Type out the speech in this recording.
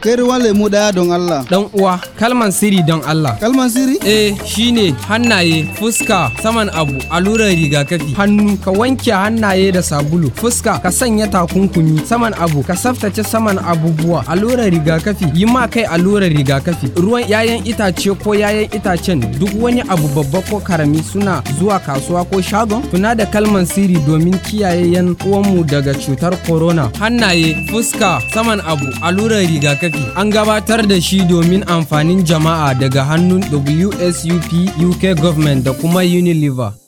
kai ruwan lemu daya don Allah. Dan uwa, kalman siri don Allah. Kalman siri? Eh, shine hannaye, fuska, saman abu, allurar rigakafi, hannu, ka wanke hannaye da sabulu, fuska, ka sanya takunkumi, saman abu, ka tsaftace saman abubuwa, lura rigakafi, yi ma kai allurar rigakafi, ruwan 'ya'yan itace ko 'ya'yan itacen duk wani abu babba ko karami suna zuwa kasuwa ko shagon, tuna da kalman siri domin kiyaye yan uwanmu daga cutar corona. Hannaye, fuska, saman abu, lura rigakafi. rigakafi an gabatar da shi domin amfanin jama'a daga hannun wsup uk government da kuma unilever